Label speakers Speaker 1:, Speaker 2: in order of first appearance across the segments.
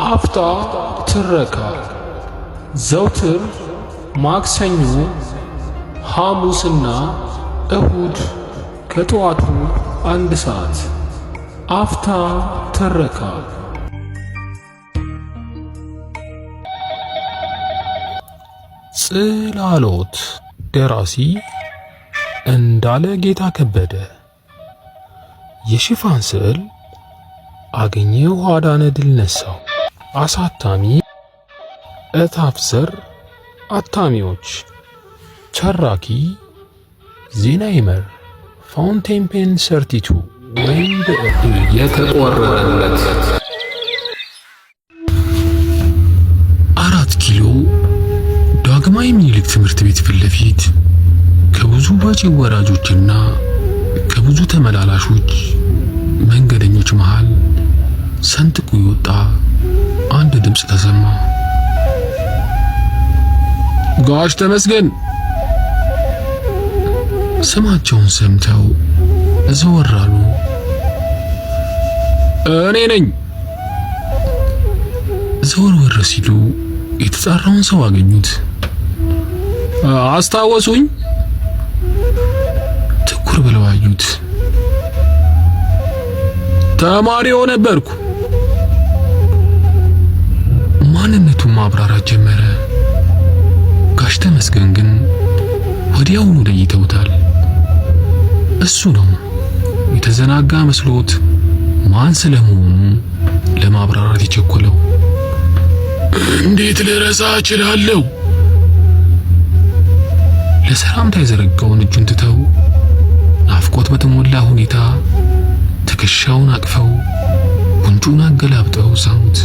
Speaker 1: አፍታ ትረካ ዘውትር ማክሰኞ፣ ሐሙስና እሁድ ከጠዋቱ አንድ ሰዓት አፍታ ትረካ ጽላሎት ደራሲ እንዳለ ጌታ ከበደ የሽፋን ስዕል አገኘው አዳነ ድል ነሳው አሳታሚ እታፍሰር አታሚዎች ቸራኪ ዜና ይመር ፋውንቴን ፔን ሰርቲቱ ወይም የተቆረጠለት አራት ኪሎ ዳግማዊ ምኒልክ ትምህርት ቤት ፊት ለፊት ከብዙ ባጪ ወራጆችና ከብዙ ተመላላሾች መንገደኞች መሃል ሰንጥቁ ይወጣ አንድ ድምፅ ተሰማ። ጋሽ ተመስገን። ስማቸውን ሰምተው ዘወር አሉ። እኔ ነኝ። ዘወር ወር ሲሉ የተጣራውን ሰው አገኙት። አስታወሱኝ? ትኩር ብለው አዩት። ተማሪው ነበርኩ ማብራራት ጀመረ። ጋሽ ተመስገን ግን ወዲያውኑ ለይተውታል። እሱ ነው የተዘናጋ መስሎት ማን ስለመሆኑ ለማብራራት የቸኮለው። እንዴት ልረሳ እችላለሁ? ለሰላምታ የዘረጋውን እጁን ትተው ናፍቆት በተሞላ ሁኔታ ትከሻውን አቅፈው ጉንጩን አገላብጠው ሳሙት።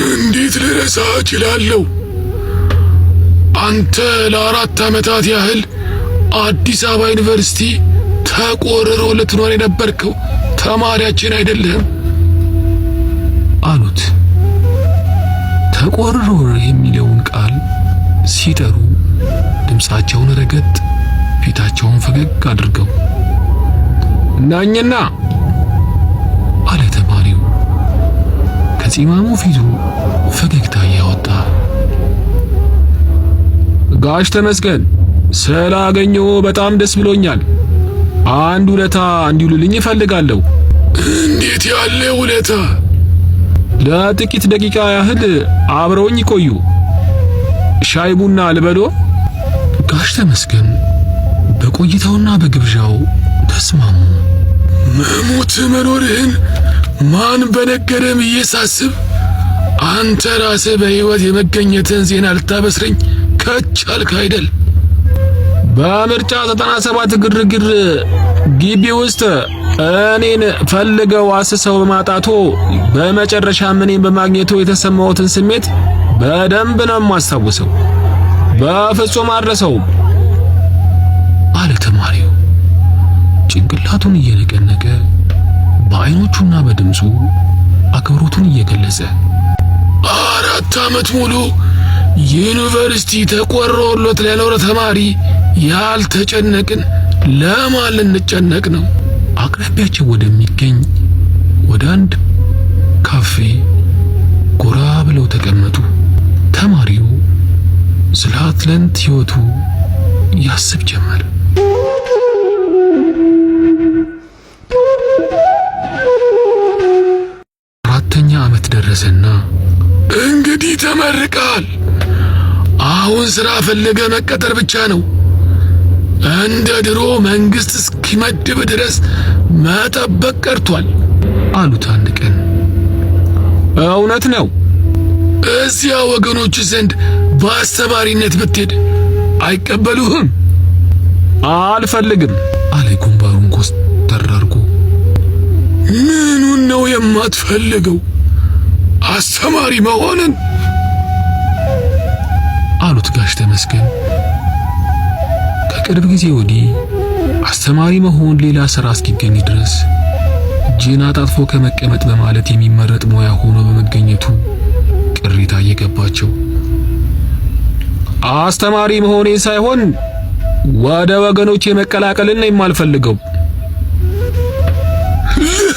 Speaker 1: እንዴት ልረሳ እችላለሁ? አንተ ለአራት ዓመታት ያህል አዲስ አበባ ዩኒቨርሲቲ ተቆርሮ ልትኖር የነበርከው ተማሪያችን አይደለህም አሉት። ተቆርሮ የሚለውን ቃል ሲጠሩ ድምፃቸውን ረገጥ፣ ፊታቸውን ፈገግ አድርገው እናኝና! ከፂማሙ ፊቱ ፈገግታ እያወጣ ጋሽ ተመስገን ስላገኘሁ በጣም ደስ ብሎኛል። አንድ ውለታ እንዲውልልኝ እፈልጋለሁ። እንዴት ያለ ውለታ? ለጥቂት ደቂቃ ያህል አብረውኝ ይቆዩ። ሻይ ቡና ልበሎ። ጋሽ ተመስገን በቆይታውና በግብዣው ተስማሙ። መሞት መኖርህን ማን በነገረ ብዬ ሳስብ አንተ ራስህ በሕይወት የመገኘትን ዜና ልታበስረኝ ከቻልክ አይደል? በምርጫ 97 ግርግር ግቢ ውስጥ እኔን ፈልገው አስሰው በማጣቶ በመጨረሻ እኔን በማግኘቱ የተሰማሁትን ስሜት በደንብ ነው የማስታውሰው። በፍጹም አድረሰው አለ ተማሪው ጭንቅላቱን እየነቀነቀ በአይኖቹና በድምፁ አክብሮቱን እየገለጸ አራት ዓመት ሙሉ ዩኒቨርሲቲ ተቆርጦለት ለኖረ ተማሪ ያልተጨነቅን ለማን ልንጨነቅ ነው? አቅራቢያቸው ወደሚገኝ ወደ አንድ ካፌ ጎራ ብለው ተቀመጡ። ተማሪው ስለ አትላንት ሕይወቱ ያስብ ጀመር። እንግዲህ ተመርቀሃል። አሁን ስራ ፈለገ መቀጠር ብቻ ነው። እንደ ድሮ መንግስት እስኪመድብ ድረስ መጠበቅ ቀርቷል አሉት። አንድ ቀን እውነት ነው፣ እዚያ ወገኖች ዘንድ በአስተማሪነት ብትሄድ አይቀበሉህም። አልፈልግም አለ ጉንባሩን ኮስተር አድርጎ። ምኑን ነው የማትፈልገው? አስተማሪ መሆንን ስለሆነች ተመስገን። ከቅርብ ጊዜ ወዲህ አስተማሪ መሆን ሌላ ስራ እስኪገኝ ድረስ እጅን አጣጥፎ ከመቀመጥ በማለት የሚመረጥ ሙያ ሆኖ በመገኘቱ ቅሬታ እየገባቸው አስተማሪ መሆኔ ሳይሆን ወደ ወገኖች የመቀላቀልን ነው የማልፈልገው።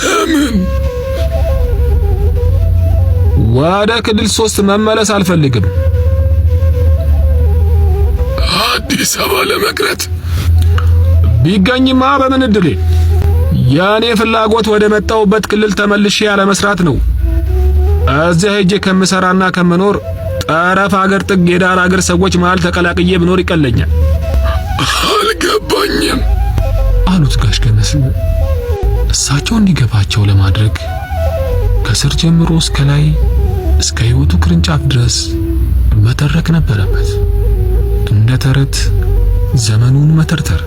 Speaker 1: ለምን? ወደ ክልል ሶስት መመለስ አልፈልግም። አዲስ አበባ ለመቅረት ቢገኝማ በምን እድሌ የእኔ ፍላጎት ወደ መጣውበት ክልል ተመልሼ ያለመስራት ነው። እዚያ ሄጄ ከምሰራና ከምኖር ጠረፍ አገር ጥግ የዳር አገር ሰዎች መሃል ተቀላቅዬ ብኖር ይቀለኛል። አልገባኝም አሉት ጋሽ ገነስ። እሳቸው እንዲገባቸው ለማድረግ ከስር ጀምሮ እስከ ላይ እስከ ህይወቱ ቅርንጫፍ ድረስ መተረክ ነበረበት። እንደ ተረት ዘመኑን መተርተር